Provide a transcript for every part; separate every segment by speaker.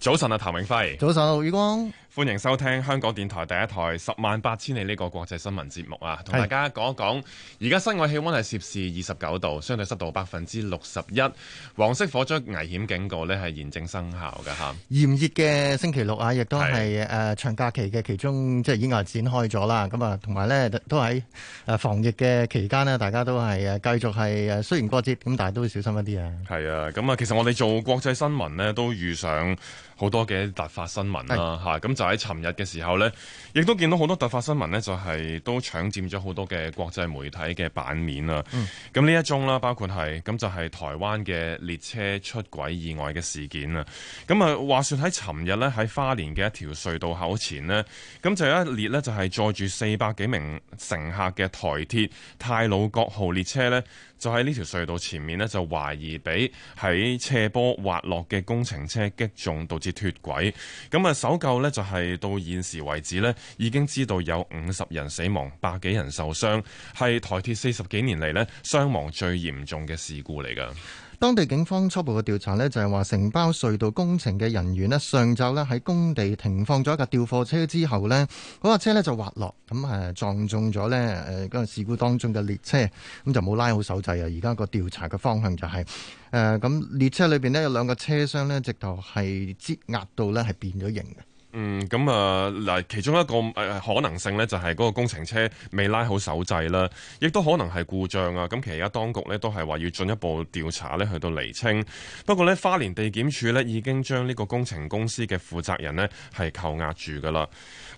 Speaker 1: 早晨啊，譚永輝。早
Speaker 2: 晨啊，余光。
Speaker 1: 歡迎收聽香港電台第一台《十萬八千里》呢個國際新聞節目啊，同大家講一講。而家室外氣溫係攝氏二十九度，相對濕度百分之六十一，黃色火災危險警告呢係現正生效嘅吓。
Speaker 2: 炎熱嘅星期六啊，亦都係誒是、呃、長假期嘅其中即係已經展開咗啦。咁啊，同埋呢都喺誒防疫嘅期間呢，大家都係誒繼續係誒雖然過節咁，但係都要小心一啲啊。
Speaker 1: 係啊，咁啊，其實我哋做國際新聞呢，都遇上好多嘅突發新聞啦，吓咁是。啊嗯就喺尋日嘅時候呢，亦都見到好多突發新聞呢就係都搶佔咗好多嘅國際媒體嘅版面啦。咁呢、嗯、一宗啦，包括係咁就係、是、台灣嘅列車出軌意外嘅事件啊。咁啊，話說喺尋日呢，喺花蓮嘅一條隧道口前呢，咁就有一列呢，就係載住四百幾名乘客嘅台鐵太魯閣號列車呢。就喺呢條隧道前面呢，就懷疑俾喺斜坡滑落嘅工程車擊中，導致脱軌。咁啊，搜救呢就係到現時為止呢，已經知道有五十人死亡，百幾人受傷，係台鐵四十幾年嚟呢，傷亡最嚴重嘅事故嚟㗎。
Speaker 2: 當地警方初步嘅調查呢就係話承包隧道工程嘅人員呢上晝呢喺工地停放咗一架吊貨車之後呢，嗰架車呢就滑落，咁誒撞中咗呢誒個事故當中嘅列車，咁就冇拉好手掣啊。而家個調查嘅方向就係誒咁列車裏面呢，有兩個車廂呢，直頭係擠壓到呢係變咗形嘅。
Speaker 1: 嗯，咁啊，嗱，其中一個誒、呃、可能性呢，就係嗰個工程車未拉好手掣啦，亦都可能係故障啊。咁其實而家當局呢，都係話要進一步調查呢，去到釐清。不過呢，花蓮地檢署呢，已經將呢個工程公司嘅負責人呢，係扣押住噶啦。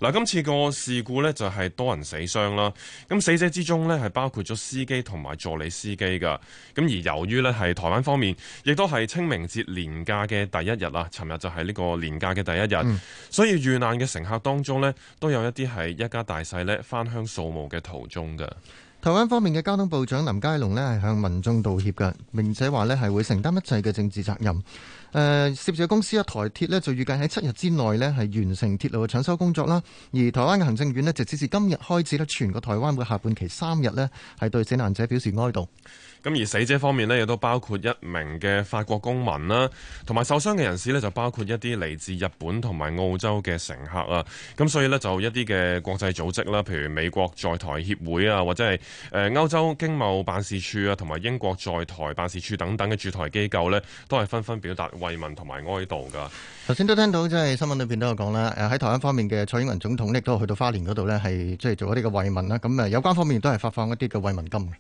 Speaker 1: 嗱，今次個事故呢，就係、是、多人死傷啦。咁死者之中呢，係包括咗司機同埋助理司機噶。咁而由於呢，係台灣方面，亦都係清明節年假嘅第一日啊，尋日就係呢個年假嘅第一日。所以遇難嘅乘客當中呢，都有一啲係一家大細咧返鄉掃墓嘅途中噶。
Speaker 2: 台灣方面嘅交通部長林佳龍呢係向民眾道歉噶，並且話呢係會承擔一切嘅政治責任。誒、呃，涉事公司啊台鐵呢就預計喺七日之內呢係完成鐵路嘅搶修工作啦。而台灣嘅行政院呢，就只是今日開始呢全個台灣會下半期三日呢係對死難者表示哀悼。
Speaker 1: 咁而死者方面呢，亦都包括一名嘅法國公民啦，同埋受傷嘅人士呢，就包括一啲嚟自日本同埋澳洲嘅乘客啊。咁所以呢，就一啲嘅國際組織啦，譬如美國在台協會啊，或者係誒歐洲經貿辦事處啊，同埋英國在台辦事處等等嘅駐台機構呢，都係紛紛表達慰問同埋哀悼噶。
Speaker 2: 頭先都聽到即係、就是、新聞裏邊都有講啦，誒喺台灣方面嘅蔡英文總統亦都去到花蓮嗰度呢，係即係做一啲嘅慰問啦。咁有關方面都係發放一啲嘅慰問金嘅。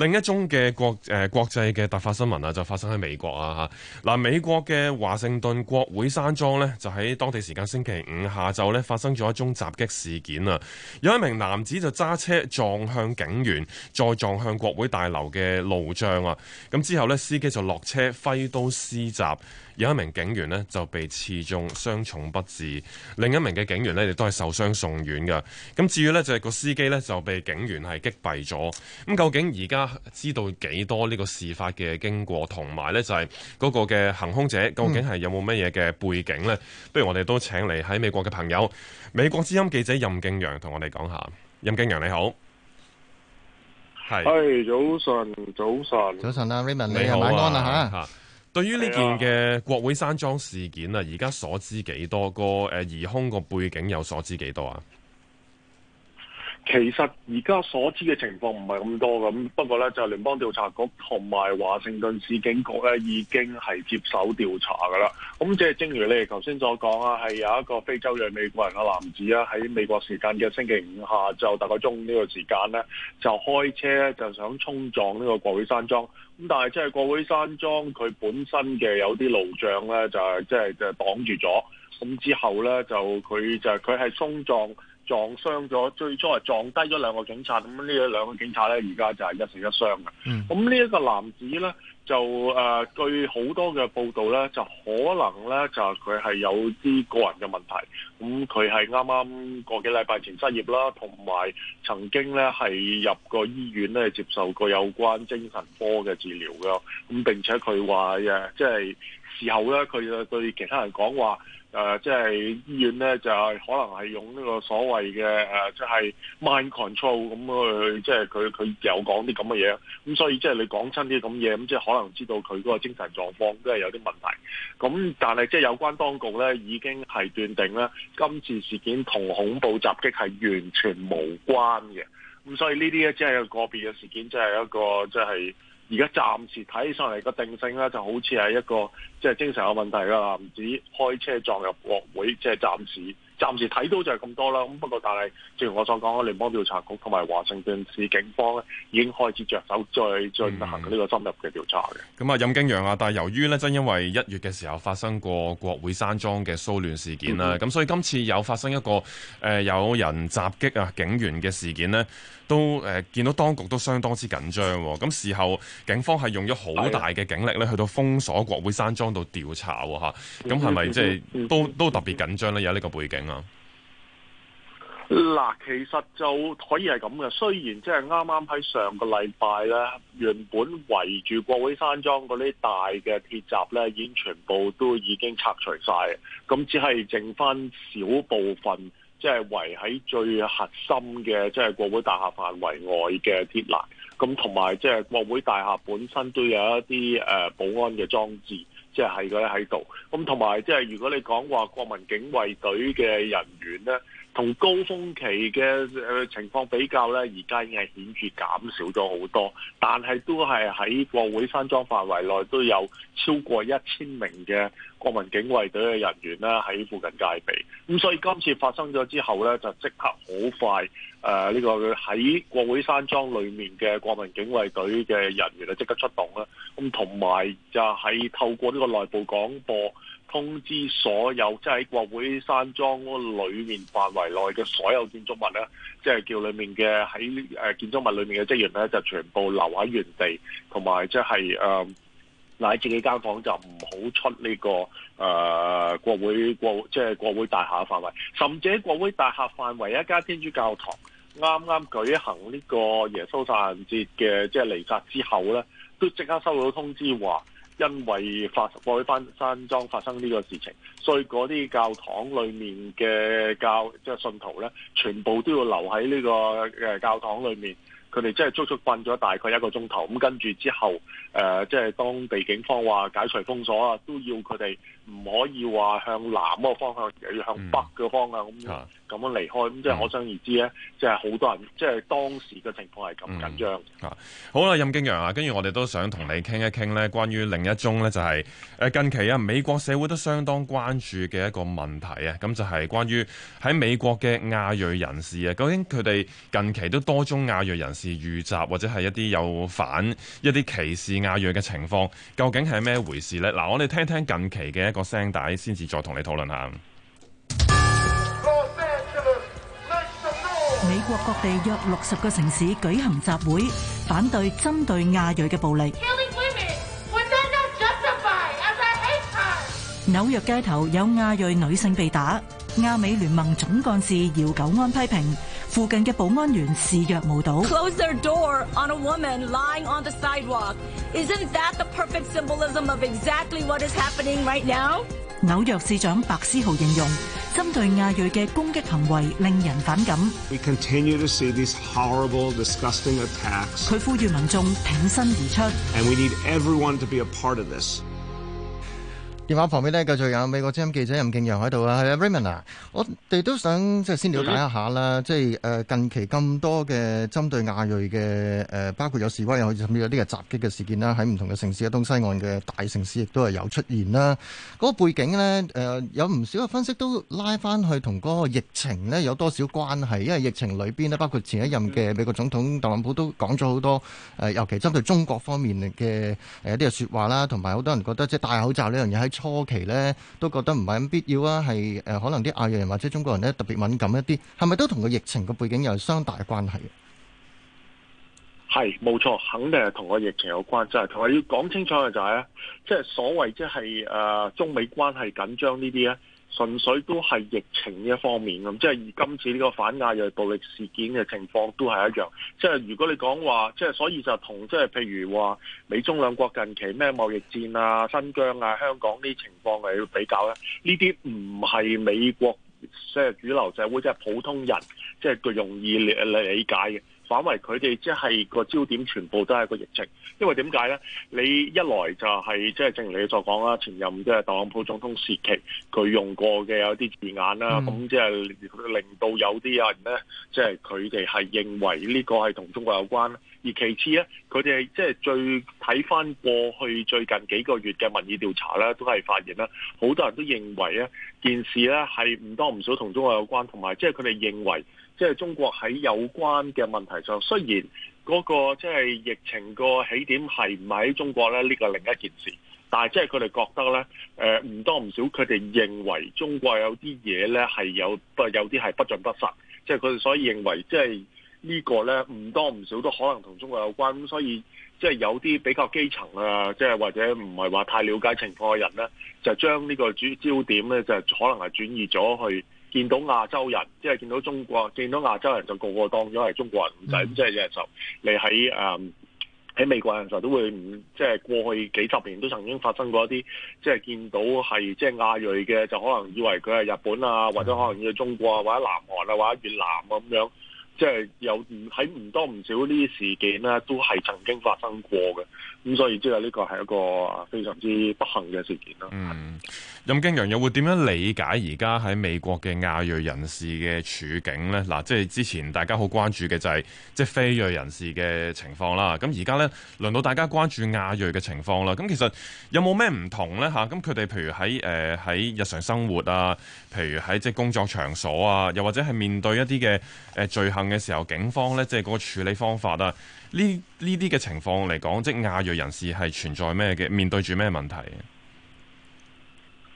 Speaker 1: 另一宗嘅國誒國際嘅突發新聞啊，就發生喺美國啊嚇嗱，美國嘅華盛頓國會山莊呢，就喺當地時間星期五下晝呢，發生咗一宗襲擊事件啊！有一名男子就揸車撞向警員，再撞向國會大樓嘅路障啊！咁之後呢，司機就落車揮刀施襲。有一名警員呢就被刺中，傷重不治；另一名嘅警員呢亦都係受傷送院噶。咁至於呢，就係個司機呢就被警員係擊斃咗。咁究竟而家知道幾多呢個事發嘅經過，同埋呢，就係嗰個嘅行凶者究竟係有冇乜嘢嘅背景呢？嗯、不如我哋都請嚟喺美國嘅朋友，美國之音記者任敬揚同我哋講下。任敬揚你好，係
Speaker 3: 是，早晨早
Speaker 2: 晨。啊，早晨啊 Raymond 你，你好，啊，晚安啦吓。對於呢件
Speaker 1: 嘅國會山莊事件啊，而家所知幾多，個誒、呃、疑兇個背景又所知幾多啊？
Speaker 3: 其實而家所知嘅情況唔係咁多。咁，不過呢，就聯邦調查局同埋華盛頓市警局呢，已經係接手調查㗎啦。咁即係正如你哋頭先所講啊，係有一個非洲裔美國人嘅男子啊，喺美國時間嘅星期五下晝大概中午呢個時間呢，就開車就想衝撞呢個國會山莊。咁但係即係國會山莊佢本身嘅有啲路障呢，就係即係就係擋住咗。咁之後呢，就佢就佢係衝撞。撞傷咗，最初係撞低咗兩個警察，咁呢兩個警察咧，而家就係一死一傷嘅。嗯。咁呢一個男子咧，就誒據好多嘅報道咧，就可能咧就佢係有啲個人嘅問題。咁佢係啱啱過幾禮拜前失業啦，同埋曾經咧係入過醫院咧接受過有關精神科嘅治療㗎。咁並且佢話嘅，即、啊、係、就是、事後咧，佢對其他人講話。誒、呃，即係醫院咧，就係可能係用呢個所謂嘅誒、呃就係嗯嗯，即係 mind control 咁去，即係佢佢有講啲咁嘅嘢，咁、嗯、所以即係你講親啲咁嘢，咁、嗯、即係可能知道佢嗰個精神狀況都係有啲問題。咁、嗯、但係即係有關當局咧，已經係斷定啦，今次事件同恐怖襲擊係完全無關嘅。咁、嗯、所以呢啲咧，即係個別嘅事件，即係一個即係。而家暫時睇上嚟個定性咧，就好似係一個即係精神有問題嘅唔止開車撞入國會，即、就、係、是、暫時暫時睇到就係咁多啦。咁不過但係，正如我所講，聯邦調查局同埋華盛頓市警方咧已經開始着手再再進行呢個深入嘅調查嘅。
Speaker 1: 咁啊、嗯，任敬揚啊，嗯、但由於呢，真因為一月嘅時候發生過國會山莊嘅騷亂事件啦，咁、嗯嗯、所以今次有發生一個誒、呃、有人襲擊啊警員嘅事件呢。都誒、呃、見到當局都相當之緊張、啊，咁事後警方係用咗好大嘅警力咧，去到封鎖國會山莊度調查嚇、啊，咁係咪即係都都特別緊張咧？有呢個背景啊？
Speaker 3: 嗱，其實就可以係咁嘅，雖然即係啱啱喺上個禮拜咧，原本圍住國會山莊嗰啲大嘅鐵閘咧，已經全部都已經拆除晒。咁只係剩翻小部分。即係圍喺最核心嘅，即係國會大廈範圍外嘅鐵欄，咁同埋即係國會大廈本身都有一啲誒保安嘅裝置，即係佢喺度，咁同埋即係如果你講話國民警衛隊嘅人員咧。同高峰期嘅誒情況比較咧，而家已經係顯著減少咗好多。但係都係喺國會山莊範圍內都有超過一千名嘅國民警衛隊嘅人員啦，喺附近戒備。咁所以今次發生咗之後咧，就即刻好快誒呢個，呃這個喺國會山莊裏面嘅國民警衛隊嘅人員就即刻出動啦。咁同埋就係透過呢個內部廣播。通知所有即係喺國會山莊裏面範圍內嘅所有建築物咧，即係叫裏面嘅喺誒建築物裏面嘅職員咧，就全部留喺原地，同埋即係誒乃自己間房就唔好出呢個誒國會國即係國會大廈範圍，甚至喺國會大廈範圍一間天主教堂啱啱舉行呢個耶穌誕節嘅即係離曬之後咧，都即刻收到通知話。因為發過去番山莊發生呢個事情，所以嗰啲教堂裏面嘅教即係、就是、信徒咧，全部都要留喺呢個誒教堂裏面。佢哋即係足足瞓咗大概一個鐘頭。咁跟住之後，誒即係當地警方話解除封鎖啊，都要佢哋唔可以話向南個方向，而要向北嘅方向。咁、嗯。啊咁樣離開，咁即係可想而知咧，嗯、即係好多人，即係當時嘅情況係咁緊張、嗯
Speaker 1: 嗯。好啦，任敬揚啊，跟住我哋都想同你傾一傾咧，關於另一宗咧，就係近期啊，美國社會都相當關注嘅一個問題啊，咁就係、是、關於喺美國嘅亞裔人士啊，究竟佢哋近期都多宗亞裔人士遇襲，或者係一啲有反一啲歧視亞裔嘅情況，究竟係咩回事呢？嗱，我哋聽聽近期嘅一個聲帶，先至再同你討論下。
Speaker 4: 美國各地約六十個城市舉行集會，反對針對亞裔嘅暴力。紐約街頭有亞裔女性被打，亞美聯盟總幹事姚久安批評附近嘅保安員視若無睹。紐約市長白思豪形容。針對亞裔嘅攻擊行為令人反感。We continue to see these horrible, disgusting attacks. 佢呼籲民
Speaker 2: 眾挺身而出。
Speaker 4: And we need everyone to be a part of this.
Speaker 2: 電話旁邊呢繼續有美國之音記者任敬揚喺度啊，Raymond 啊，Raymond, 我哋都想即係先了解一下啦，嗯、即係、呃、近期咁多嘅針對亞裔嘅、呃、包括有示威，有甚至有啲嘅襲擊嘅事件啦，喺唔同嘅城市嘅東西岸嘅大城市亦都係有出現啦。嗰個背景呢，呃、有唔少嘅分析都拉翻去同嗰個疫情呢有多少關係？因為疫情裏邊呢包括前一任嘅美國總統特朗普都講咗好多、呃、尤其針對中國方面嘅誒一啲嘅說話啦，同埋好多人覺得即係戴口罩呢樣嘢喺。初期咧都覺得唔係咁必要啊，係誒、呃，可能啲亞裔人或者中國人咧特別敏感一啲，係咪都同個疫情嘅背景有相當大嘅關係？
Speaker 3: 係冇錯，肯定係同個疫情有關，真係同埋要講清楚嘅就係、是、啊，即、就、係、是、所謂即係誒中美關係緊張呢啲咧。純粹都係疫情呢一方面咁，即係而今次呢個反亞裔暴力事件嘅情況都係一樣。即係如果你講話，即係所以就同即係譬如話美中兩國近期咩貿易戰啊、新疆啊、香港呢情況嚟比較咧，呢啲唔係美國即係主流社會即係、就是、普通人即係佢容易理解嘅。反為佢哋即係個焦點，全部都係個疫情。因為點解咧？你一來就係即係正如你所講啦，前任嘅特朗普總統時期，佢用過嘅有啲字眼啦，咁即係令到有啲人咧，即係佢哋係認為呢個係同中國有關。而其次咧，佢哋即係最睇返過去最近幾個月嘅民意調查咧，都係發現啦，好多人都認為咧，件事咧係唔多唔少同中國有關，同埋即係佢哋認為。即係中國喺有關嘅問題上，雖然嗰個即係疫情個起點係唔喺中國咧，呢個另一件事。但係即係佢哋覺得咧，誒唔多唔少，佢哋認為中國有啲嘢咧係有，有不有啲係不盡不實。即係佢哋所以認為，即係呢個咧唔多唔少都可能同中國有關。咁所以即係有啲比較基層啊，即係或者唔係話太了解情況嘅人咧，就將呢個主焦點咧就可能係轉移咗去。見到亞洲人，即係見到中國，見到亞洲人就個個當咗係中國人咁滯，即係有時候你喺誒喺美國人，時候都會，即係過去幾十年都曾經發生過一啲，即係見到係即係亞裔嘅，就可能以為佢係日本啊，或者可能以為中國啊，或者南韓啊，或者越南啊咁樣，即係有唔，喺唔多唔少呢啲事件咧，都係曾經發生過嘅。咁、嗯、所以知道呢個係一個非常之不幸嘅事件咯。
Speaker 1: 嗯，任敬揚又會點樣理解而家喺美國嘅亞裔人士嘅處境呢？嗱、啊，即係之前大家好關注嘅就係即係非裔人士嘅情況啦。咁而家呢，輪到大家關注亞裔嘅情況啦。咁、啊、其實有冇咩唔同呢？吓、啊，咁佢哋譬如喺誒喺日常生活啊，譬如喺即係工作場所啊，又或者係面對一啲嘅誒罪行嘅時候，警方呢，即係個處理方法啊。呢呢啲嘅情況嚟講，即亞裔人士係存在咩嘅？面對住咩問題？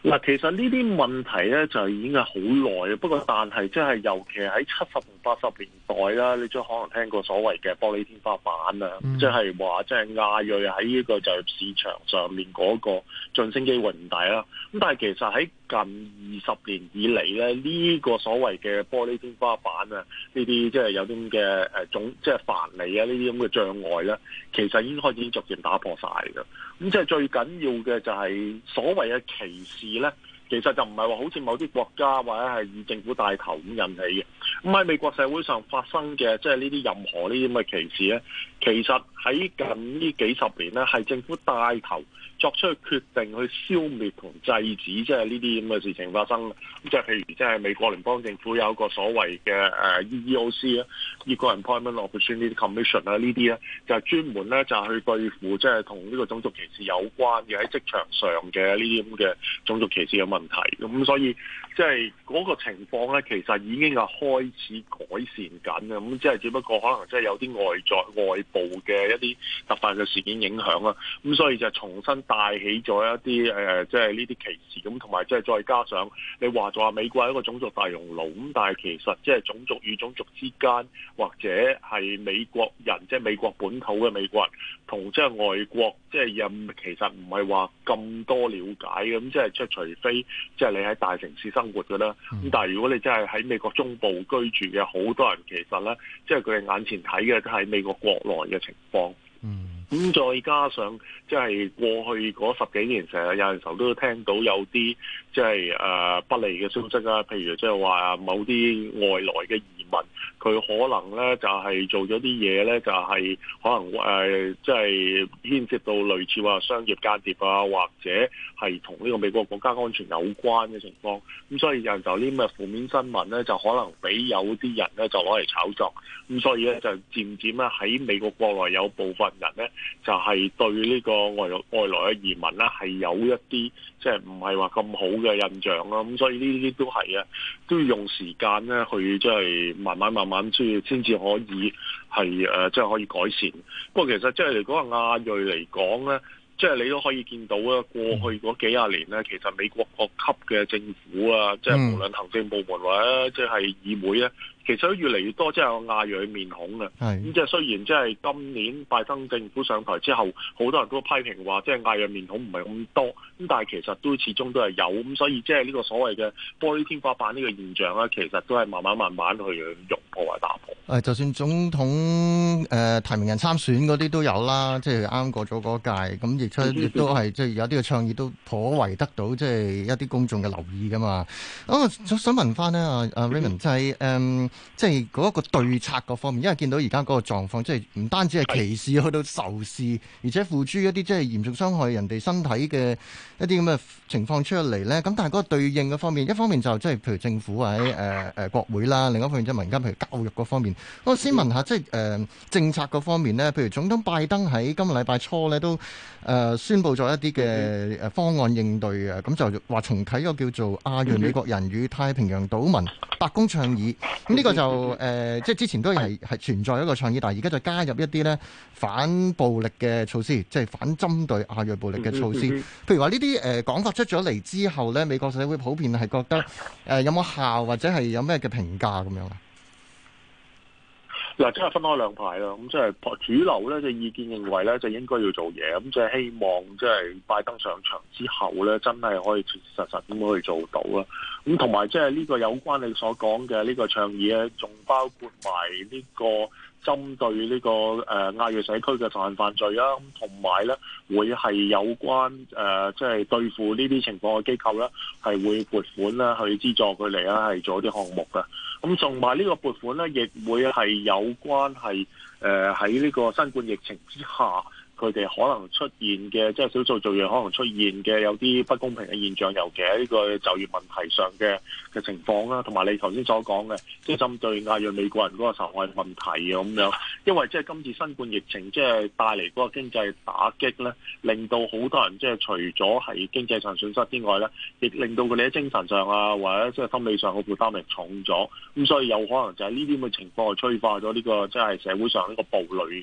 Speaker 3: 嗱，其實呢啲問題咧就已經係好耐啊。不過，但係即係尤其喺七十同八十年代啦，你都可能聽過所謂嘅玻璃天花板啊，即係話即係亞裔喺呢個就業市場上面嗰個晉升機會唔大啦。咁但係其實喺近二十年以嚟咧，呢個所謂嘅玻璃天花板啊，呢啲即係有啲咁嘅誒種即係藩籬啊，呢啲咁嘅障礙咧，其實已經開始逐漸打破曬㗎。咁即係最緊要嘅就係所謂嘅歧視咧，其實就唔係話好似某啲國家或者係以政府帶頭咁引起嘅。咁喺美國社會上發生嘅即係呢啲任何呢啲咁嘅歧視咧，其實喺近呢幾十年咧係政府帶頭。作出去決定去消滅同制止，即係呢啲咁嘅事情發生。咁即係譬如，即係美國聯邦政府有個所謂嘅誒 EEOC 啊 Equal Employment Opportunity Commission 啊，呢啲咧就專門咧就係、是、去對付即係同呢個種族歧視有關嘅喺職場上嘅呢啲咁嘅種族歧視嘅問題。咁所以。即係嗰個情況咧，其實已經係開始改善緊嘅。咁即係只不過可能即係有啲外在外部嘅一啲突發嘅事件影響啊，咁所以就重新帶起咗一啲誒，即係呢啲歧視咁，同埋即係再加上你話就話美國係一個種族大熔爐，咁但係其實即係種族與種族之間，或者係美國人即係、就是、美國本土嘅美國人同即係外國。即係任其實唔係話咁多了解嘅，咁即係即係除非即係你喺大城市生活嘅啦。咁但係如果你真係喺美國中部居住嘅，好多人其實咧，即係佢哋眼前睇嘅都係美國國內嘅情況。嗯，咁再加上即係過去嗰十幾年，成日有陣時候都聽到有啲即係誒不利嘅消息啦，譬如即係話某啲外來嘅。佢可能咧就係做咗啲嘢咧，就係可能誒，即係牽涉到類似話商業間諜啊，或者係同呢個美國國家安全有關嘅情況。咁所以有人就啲咁嘅負面新聞咧，就可能俾有啲人咧就攞嚟炒作。咁所以咧就漸漸咧喺美國國內有部分人咧，就係對呢個外外來嘅移民咧係有一啲。即係唔係話咁好嘅印象咯，咁所以呢啲都係啊，都要用時間咧去即係慢慢慢慢，先要先至可以係誒，即係可以改善。不過其實即係如果亞裔嚟講咧，即係你都可以見到咧，過去嗰幾廿年咧，嗯、其實美國各級嘅政府啊，即係無論行政部門或者即係議會咧。其實都越嚟越多，即、就、係、是、亞裔面孔嘅。咁即係雖然即係今年拜登政府上台之後，好多人都批評話，即、就、係、是、亞裔面孔唔係咁多。咁但係其實都始終都係有。咁所以即係呢個所謂嘅玻璃天花板呢個現象咧，其實都係慢慢慢慢去融合同打破。
Speaker 2: 誒，就算總統誒、呃、提名人參選嗰啲都有啦，即係啱過咗嗰一屆。咁、嗯、亦出 亦都係即係有啲嘅倡議都頗為得到即係、就是、一啲公眾嘅留意㗎嘛。咁、啊、我想問翻咧阿 Raymond 就係誒。Um, 即係嗰一個對策嗰方面，因為見到而家嗰個狀況，即係唔單止係歧視，去到仇視，而且付諸一啲即係嚴重傷害人哋身體嘅一啲咁嘅情況出嚟呢。咁但係嗰個對應嘅方面，一方面就即係譬如政府喺誒誒國會啦，另一方面即係民間，譬如教育嗰方面。我先問下，即係誒政策嗰方面呢，譬如總統拜登喺今個禮拜初呢都誒宣佈咗一啲嘅誒方案應對嘅，咁就話重啟一個叫做亞裔美國人與太平洋島民白宮倡議。呢個就誒，即、呃、係之前都係係存在一個倡議，但係而家就加入一啲咧反暴力嘅措施，即係反針對亞裔暴力嘅措施。譬如話呢啲誒講法出咗嚟之後咧，美國社會普遍係覺得誒、呃、有冇效或者係有咩嘅評價咁樣啊？
Speaker 3: 嗱，真係分開兩派啦咁即係主流咧就意見認為咧，就應該要做嘢。咁就希望即係拜登上場之後咧，真係可以切切實實咁去做到啦。咁同埋即係呢個有關你所講嘅呢個倡議咧，仲包括埋呢個。針對呢、這個誒亞裔社區嘅殘犯罪啦，同埋咧會係有關誒，即、呃、係、就是、對付呢啲情況嘅機構咧，係會撥款啦去資助佢哋啦，係做啲項目嘅。咁同埋呢個撥款咧，亦會係有關係誒喺呢個新冠疫情之下。佢哋可能出現嘅，即係少數就業可能出現嘅有啲不公平嘅現象，尤其喺呢個就業問題上嘅嘅情況啦，同埋你頭先所講嘅，即係針對亞裔美國人嗰個仇恨問題咁樣。因為即係今次新冠疫情，即係帶嚟嗰個經濟打擊咧，令到好多人即係除咗係經濟上損失之外咧，亦令到佢哋喺精神上啊，或者即係心理上嘅負擔力重咗。咁所以有可能就係呢啲咁嘅情況，就催化咗呢個即係社會上呢個暴戾嗰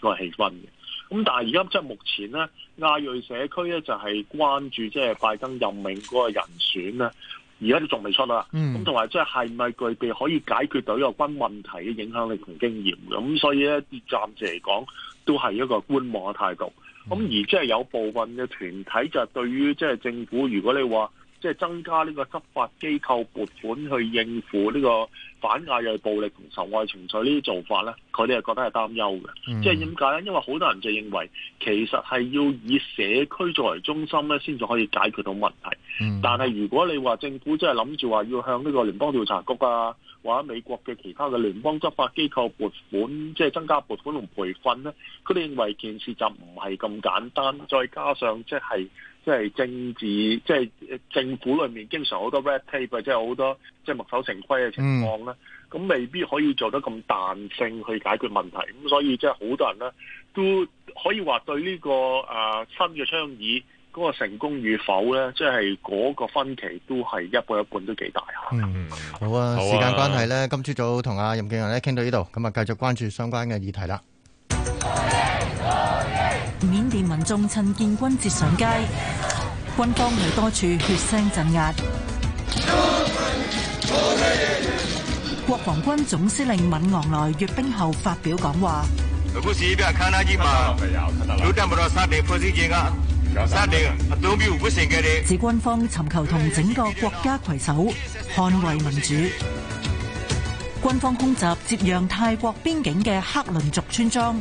Speaker 3: 個嗰個氣氛嘅。咁但係而家即係目前咧，亞裔社區咧就係關注即係拜登任命嗰個人選咧，而家都仲未出啦。咁同埋即係係咪具備可以解決到友軍問題嘅影響力同經驗，咁所以咧，暫時嚟講都係一個觀望嘅態度。咁、嗯、而即係有部分嘅團體就係對於即係政府，如果你話。即係增加呢個執法機構撥款去應付呢個反亞裔暴力同仇恨情緒呢啲做法咧，佢哋係覺得係擔憂嘅。Mm. 即係點解咧？因為好多人就認為其實係要以社區作為中心咧，先至可以解決到問題。Mm. 但係如果你話政府真係諗住話要向呢個聯邦調查局啊，或者美國嘅其他嘅聯邦執法機構撥款，即係增加撥款同培訓咧，佢哋認為件事就唔係咁簡單。再加上即係。即係政治，即係政府裏面經常好多 red tape，或者好多即係墨守成規嘅情況啦。咁、嗯、未必可以做得咁彈性去解決問題。咁所以即係好多人咧都可以話對呢、這個誒、啊、新嘅倡議嗰、那個成功與否咧，即係嗰個分歧都係一半一半都幾大嚇、
Speaker 2: 嗯。好啊，好啊，時間關係咧，今朝早同阿任敬揚咧傾到呢度，咁啊繼續關注相關嘅議題啦。
Speaker 4: 民眾趁建軍節上街，軍方喺多處血腥鎮壓。國防軍總司令敏昂萊閱兵後發表講話，
Speaker 2: 指
Speaker 4: 軍方尋求同整個國家攜手捍衛民主。軍方空襲接壤泰國邊境嘅克倫族村莊。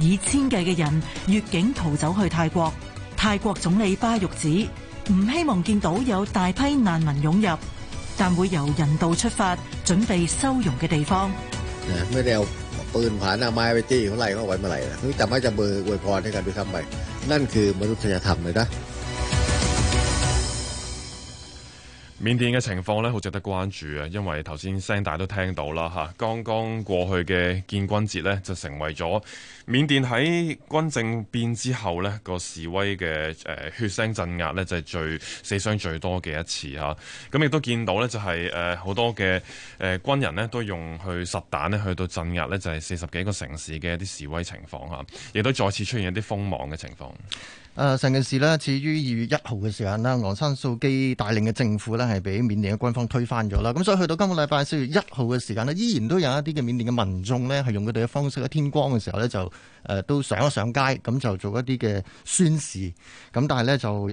Speaker 4: 以千計嘅人越境逃走去泰國，泰國總理巴育子唔希望見到有大批難民湧入，但會由人道出發，準備收容嘅地方。
Speaker 2: 咩啊，嚟， 嚟啦。就呢
Speaker 1: 緬甸嘅情況呢好值得關注啊！因為頭先聲大都聽到啦嚇，剛剛過去嘅建軍節呢就成為咗緬甸喺軍政變之後呢、那個示威嘅血腥鎮壓呢就係最死傷最多嘅一次嚇，咁亦都見到呢就係誒好多嘅誒軍人呢都用去實彈呢去到鎮壓呢就係四十幾個城市嘅一啲示威情況嚇，亦都再次出現一啲封網嘅情況。
Speaker 2: 誒，成件事呢，始於二月一號嘅時間啦。昂山素基帶領嘅政府呢，係俾緬甸嘅軍方推翻咗啦。咁所以去到今個禮拜四月一號嘅時間呢，依然都有一啲嘅緬甸嘅民眾呢，係用佢哋嘅方式，喺天光嘅時候、呃、上上呢，就誒都上一上街，咁就做一啲嘅宣示。咁但係呢，就誒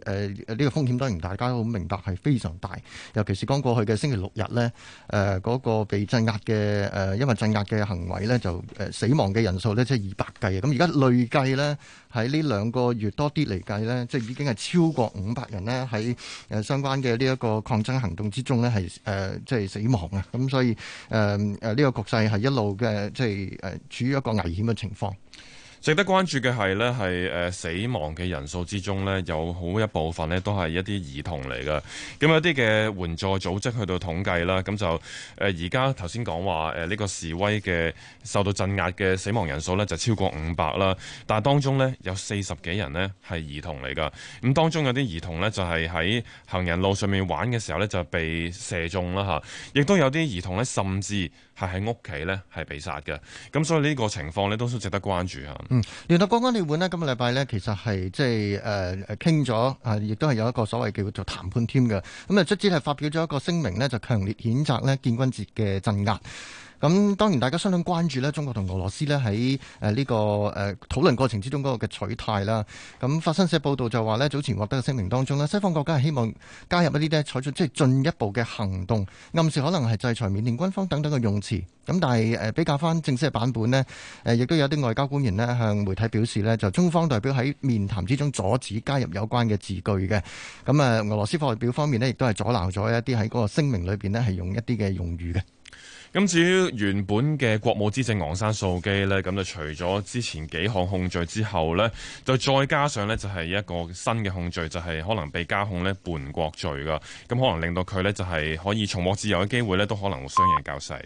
Speaker 2: 呢個風險當然大家都好明白係非常大，尤其是剛過去嘅星期六日呢，誒、呃、嗰、那個被鎮壓嘅誒、呃，因為鎮壓嘅行為呢，就誒、呃、死亡嘅人數呢，即係二百計啊。咁而家累計呢，喺呢兩個月多啲嚟計咧，即係已經係超過五百人咧，喺誒相關嘅呢一個抗爭行動之中咧，係誒即係死亡啊。咁所以誒誒呢個局勢係一路嘅即係誒處於一個危險嘅情況。
Speaker 1: 值得關注嘅係呢，係誒死亡嘅人數之中呢，有好一部分呢都係一啲兒童嚟㗎。咁有啲嘅援助組織去到統計啦，咁就誒而家頭先講話誒呢個示威嘅受到鎮壓嘅死亡人數呢，就超過五百啦。但係當中呢，有四十幾人呢係兒童嚟㗎。咁當中有啲兒童呢，就係喺行人路上面玩嘅時候呢，就被射中啦吓。亦都有啲兒童呢，甚至係喺屋企呢，係被殺嘅。咁所以呢個情況呢，都都值得關注吓。
Speaker 2: 嗯，聯合國安理會呢，今個禮拜呢，其實係即係誒傾咗，亦都係有一個所謂叫做談判添嘅。咁啊，直接係發表咗一個聲明，呢就強烈譴責呢，建軍節嘅鎮壓。咁當然大家相當關注呢，中國同俄羅斯呢喺呢個誒討論過程之中嗰個嘅取態啦。咁法新社報道就話呢，早前獲得嘅聲明當中，西方國家係希望加入一啲咧採取即係進一步嘅行動，暗示可能係制裁緬甸軍方等等嘅用詞。咁但係比較翻正式嘅版本呢，亦都有啲外交官員向媒體表示呢，就中方代表喺面談之中阻止加入有關嘅字句嘅。咁俄羅斯代表方面呢，亦都係阻撓咗一啲喺嗰個聲明裏面呢係用一啲嘅用語嘅。
Speaker 1: 咁至於原本嘅國務資政昂山素姬呢，咁就除咗之前幾項控罪之後呢就再加上呢就係一個新嘅控罪，就係、是、可能被加控呢叛國罪㗎。咁可能令到佢呢，就係可以重獲自由嘅機會呢都可能會相應較細。